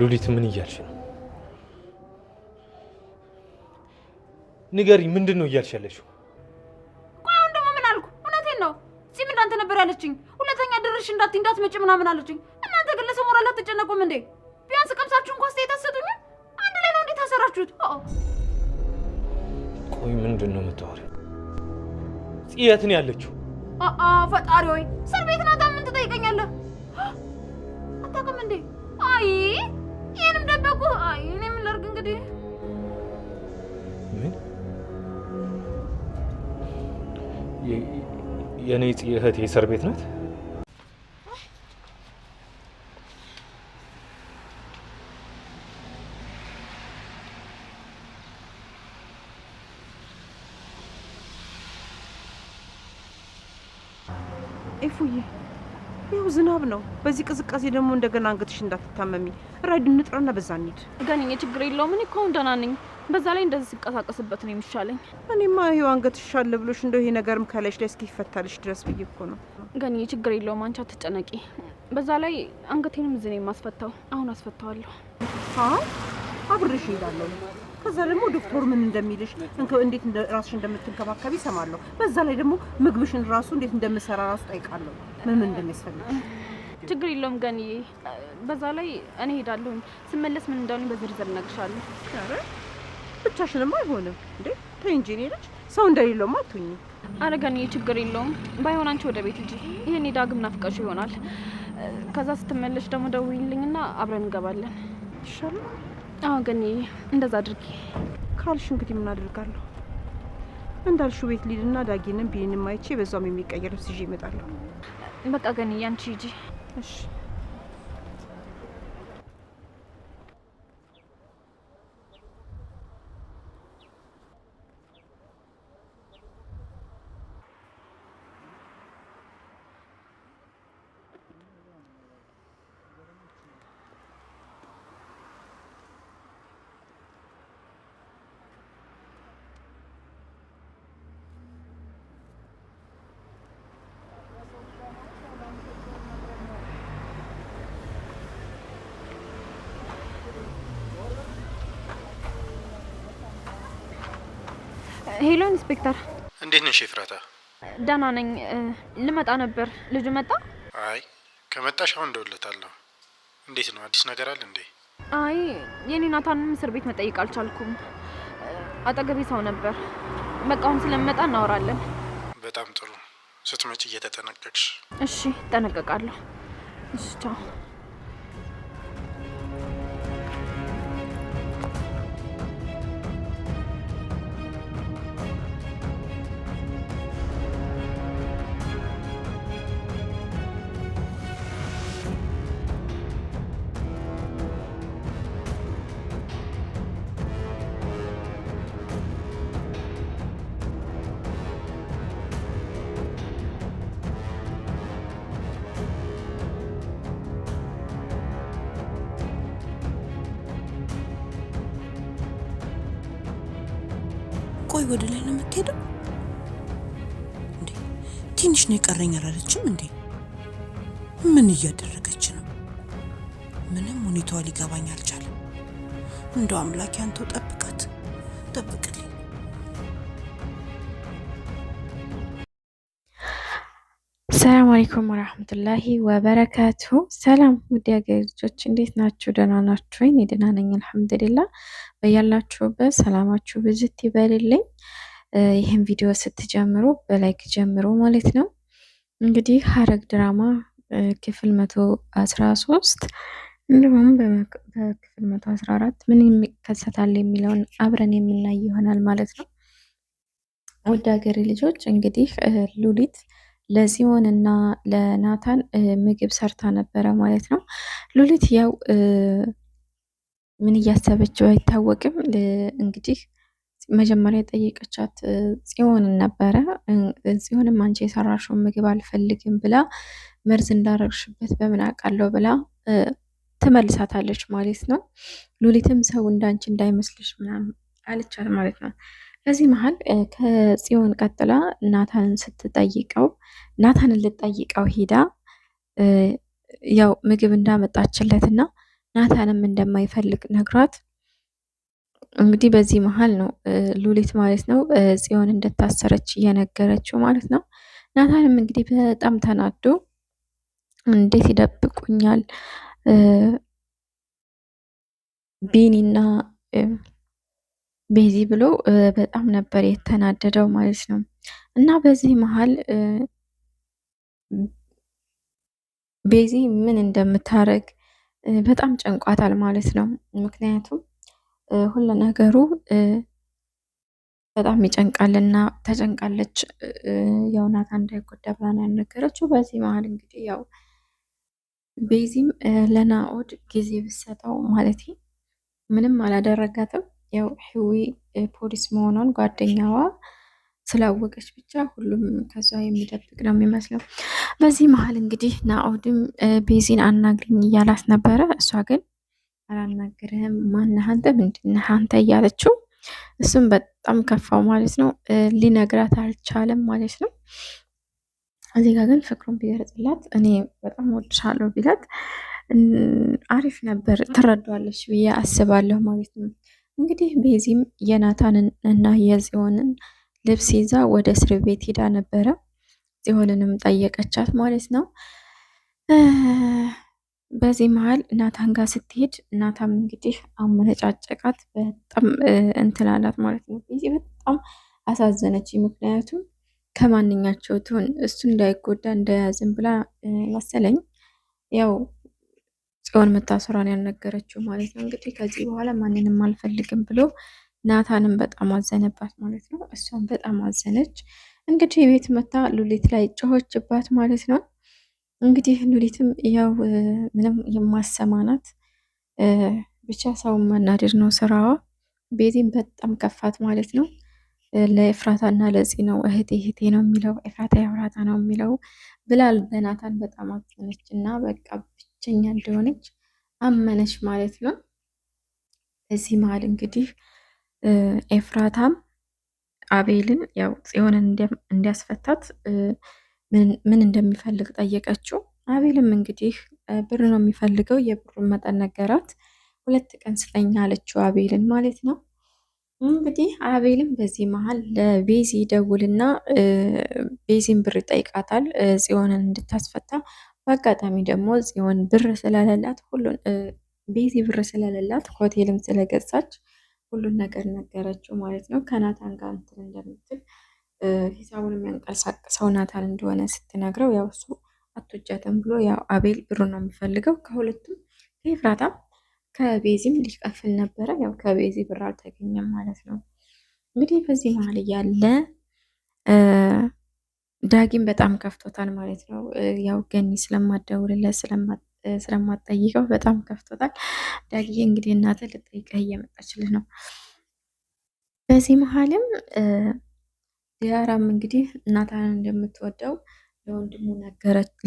ሉሊት ምን እያልሽ ነው? ንገሪ፣ ምንድን ነው እያልሽ ያለሽው? ቆይ አሁን ደግሞ ምን አልኩ? እውነቴን ነው። ፂም እንዳንተ ነበር ያለችኝ። ሁለተኛ ድርሽ እንዳት እንዳትመጪ ምናምን አለችኝ። እናንተ ግን ለሰው ሞራል አትጨነቁም እንዴ? ቢያንስ ቀምሳችሁ እንኳ አስተያየት አትሰጡኝም? አንድ ላይ ነው እንዴት አሰራችሁት? ቆይ ምንድን ነው የምታወሪው? ጽየት ነው ያለችው። ፈጣሪ ሆይ፣ እስር ቤት ናታ። ምን ትጠይቀኛለህ? አታውቅም እንዴ? አይ የኔ እህት እስር ቤት ናት። ኤፉዬ ይኸው ዝናብ ነው። በዚህ ቅዝቃዜ ደግሞ እንደገና አንገትሽ እንዳትታመሚ። ራይድ እንጥራና በዛ እንሂድ። እገናኝ፣ ችግር የለውም። እኔ እኮ አሁን ደህና ነኝ። በዛ ላይ እንደዚህ ሲንቀሳቀስበት ነው የሚሻለኝ። እኔማ ይኸው አንገት ይሻል ብሎሽ እንደው ይሄ ነገርም ከላይሽ ላይ እስኪፈታልሽ ድረስ ብዬ እኮ ነው። ግን ችግር የለውም አንቺ አትጨነቂ። በዛ ላይ አንገቴንም እዚህ ነው የማስፈታው። አሁን አስፈታዋለሁ። አሁን አብርሽ እሄዳለሁ። ከዛ ደግሞ ዶክተር ምን እንደሚልሽ እንዴት ራስሽ እንደምትንከባከብ ይሰማለሁ። በዛ ላይ ደግሞ ምግብሽን ራሱ እንዴት እንደምሰራ ራሱ ጠይቃለሁ። ምን ምን እንደሚያስፈልግ። ችግር የለውም ገንዬ። በዛ ላይ እኔ ሄዳለሁ። ስመለስ ምን እንዳሉኝ በዝርዝር እነግርሻለሁ። ብቻሽንማ አይሆንም እንዴ? ተይ እንጂ እኔ ልጅ ሰው እንደሌለውማ አትሁኝ። አረጋንዬ ችግር የለውም ባይሆን አንቺ ወደ ቤት እንጂ ይህን ዳግም ናፍቀሽ ይሆናል። ከዛ ስትመለሽ ደግሞ ደውዪልኝና አብረን እንገባለን ይሻላል። አዎ ገኒ፣ እንደዛ አድርጊ ካልሽ እንግዲህ ምን አድርጋለሁ? እንዳልሹ ቤት ሊድና ዳጊንም ቢንም አይቼ በዛውም የሚቀየር ይዤ ይመጣለሁ በቃ ገኒ፣ ያንቺ ሂጂ እሺ። ሄሎ ኢንስፔክተር፣ እንዴት ነሽ ፍራታ ደህና ነኝ። ልመጣ ነበር። ልጁ መጣ? አይ ከመጣሽ አሁን እደውልለታለሁ። እንዴት ነው? አዲስ ነገር አለ እንዴ? አይ የኔ ናታንም እስር ቤት መጠየቅ አልቻልኩም። አጠገቤ ሰው ነበር። በቃ አሁን ስለምመጣ እናወራለን። በጣም ጥሩ። ስትመጪ እየተጠነቀቅሽ። እሺ፣ እጠነቀቃለሁ። እሺ፣ ቻው። ቆይ ወደ ላይ ነው የምትሄደው እንዴ? ትንሽ ነው የቀረኝ አላለችም እንዴ? ምን እያደረገች ነው? ምንም ሁኔታዋ ሊገባኝ አልቻለም። እንደው አምላክ ያንተው ጠብቃት፣ ጠብቅልኝ። አሰላሙ አለይኩም ወራህመቱላሂ ወበረካቱ። ሰላም ውድ የሀገሬ ልጆች እንዴት ናችሁ? ደህና ናችሁ ወይ? እኔ ደህና ነኝ አልሐምዱሊላ። በያላችሁበት ሰላማችሁ ብዝት ይበልልኝ። ይህን ቪዲዮ ስትጀምሩ በላይክ ጀምሩ ማለት ነው። እንግዲህ ሀረግ ድራማ ክፍል መቶ አስራ ሶስት እንዲሁም በክፍል መቶ አስራ አራት ምን ይከሰታል የሚለውን አብረን የምናይ ይሆናል ማለት ነው። ውድ ሀገሬ ልጆች እንግዲህ ሉሊት ለፂዮን እና ለናታን ምግብ ሰርታ ነበረ ማለት ነው። ሉሊት ያው ምን እያሰበችው አይታወቅም። እንግዲህ መጀመሪያ የጠየቀቻት ጽዮንን ነበረ። ጽዮንም አንቺ የሰራሽውን ምግብ አልፈልግም ብላ መርዝ እንዳረግሽበት በምን አውቃለሁ ብላ ትመልሳታለች ማለት ነው። ሉሊትም ሰው እንዳንቺ እንዳይመስልሽ ምናምን አለቻት ማለት ነው። ከዚህ መሀል ከጽዮን ቀጥላ ናታንን ስትጠይቀው ናታንን ልጠይቀው ሂዳ ያው ምግብ እንዳመጣችለት እና ናታንም እንደማይፈልግ ነግሯት እንግዲህ በዚህ መሀል ነው ሉሊት ማለት ነው ጽዮን እንደታሰረች እየነገረችው ማለት ነው። ናታንም እንግዲህ በጣም ተናዶ እንዴት ይደብቁኛል ቢኒና ቤዚ ብሎ በጣም ነበር የተናደደው ማለት ነው። እና በዚህ መሀል ቤዚ ምን እንደምታረግ በጣም ጨንቋታል ማለት ነው። ምክንያቱም ሁሉ ነገሩ በጣም ይጨንቃልና ተጨንቃለች። ያው ናታን እንዳይጎዳ ብላ ነው በዚህ መሀል እንግዲህ ያው ቤዚም ለናኦድ ጊዜ ብሰጠው ማለት ምንም አላደረጋትም ያው ህዊ ፖሊስ መሆኗን ጓደኛዋ ስላወቀች ብቻ ሁሉም ከዛ የሚደብቅ ነው የሚመስለው። በዚህ መሀል እንግዲህ ናኦድም ቤዚን አናግርኝ እያላት ነበረ። እሷ ግን አላናግርህም ማነህ አንተ ምንድነህ አንተ እያለችው እሱም በጣም ከፋው ማለት ነው። ሊነግራት አልቻለም ማለት ነው። እዚህ ግን ፍቅሩን ቢገርጽላት እኔ በጣም ወድሻለሁ ቢላት አሪፍ ነበር፣ ትረዷለች ብዬ አስባለሁ ማለት ነው። እንግዲህ ቤዚም የናታንን እና የጽዮንን ልብስ ይዛ ወደ እስር ቤት ሄዳ ነበረ። ጽዮንንም ጠየቀቻት ማለት ነው። በዚህ መሀል ናታን ጋር ስትሄድ ናታም እንግዲህ አመነጫጨቃት። በጣም እንትላላት ማለት ነው። ቤዚ በጣም አሳዘነች። ምክንያቱም ከማንኛቸው ትሆን እሱ እንዳይጎዳ እንዳያዝን ብላ መሰለኝ ያው ጽዮን መታሰሯን ያልነገረችው ማለት ነው። እንግዲህ ከዚህ በኋላ ማንንም አልፈልግም ብሎ ናታንም በጣም አዘነባት ማለት ነው። እሷም በጣም አዘነች። እንግዲህ ቤት መታ ሉሊት ላይ ጮኸችባት ማለት ነው። እንግዲህ ሉሊትም ያው ምንም የማሰማናት ብቻ ሰው መናደድ ነው ስራዋ። ቤቴም በጣም ከፋት ማለት ነው። ለኤፍራታ እና ለጺ ነው እህቴ እህቴ ነው የሚለው ኤፍራታ የፍራታ ነው የሚለው ብላል በናታን በጣም አዘነች እና በቃ ብቸኛ እንደሆነች አመነች ማለት ነው። በዚህ መሀል እንግዲህ ኤፍራታም አቤልን ያው ጽዮንን እንዲያስፈታት ምን እንደሚፈልግ ጠየቀችው። አቤልም እንግዲህ ብር ነው የሚፈልገው፣ የብሩን መጠን ነገራት። ሁለት ቀን ስጠኝ አለችው አቤልን ማለት ነው። እንግዲህ አቤልም በዚህ መሀል ለቤዚ ደውልና ቤዚን ብር ይጠይቃታል ጽዮንን እንድታስፈታ። በአጋጣሚ ደግሞ ጽዮን ብር ስለሌላት ሁሉን ቤቲ ብር ስለሌላት ሆቴልም ስለገዛች ሁሉን ነገር ነገረችው ማለት ነው። ከናታን ጋር እንትን እንደምትል ሂሳቡን የሚያንቀሳቅሰው ናታን እንደሆነ ስትነግረው ያው እሱ አቶጃተን ብሎ ያው አቤል ብሩ ነው የሚፈልገው ከሁለቱም ከኤፍራታም ከቤዚም ሊቀፍል ነበረ። ያው ከቤዚ ብር አልተገኘም ማለት ነው። እንግዲህ በዚህ መሀል እያለ ዳጊም በጣም ከፍቶታል ማለት ነው። ያው ገኒ ስለማደውልለት ስለማጠይቀው በጣም ከፍቶታል። ዳጊ እንግዲህ እናተ ልጠይቀህ እየመጣችልህ ነው። በዚህ መሀልም ዲያራም እንግዲህ እናታን እንደምትወደው ለወንድሙ ነገረች።